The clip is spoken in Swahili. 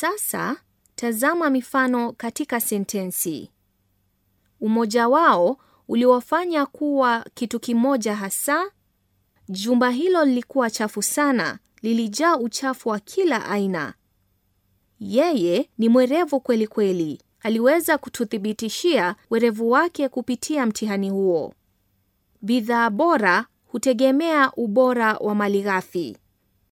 Sasa tazama mifano katika sentensi. Umoja wao uliwafanya kuwa kitu kimoja hasa. Jumba hilo lilikuwa chafu sana, lilijaa uchafu wa kila aina. Yeye ni mwerevu kweli kweli. Aliweza kututhibitishia werevu wake kupitia mtihani huo. Bidhaa bora hutegemea ubora wa malighafi.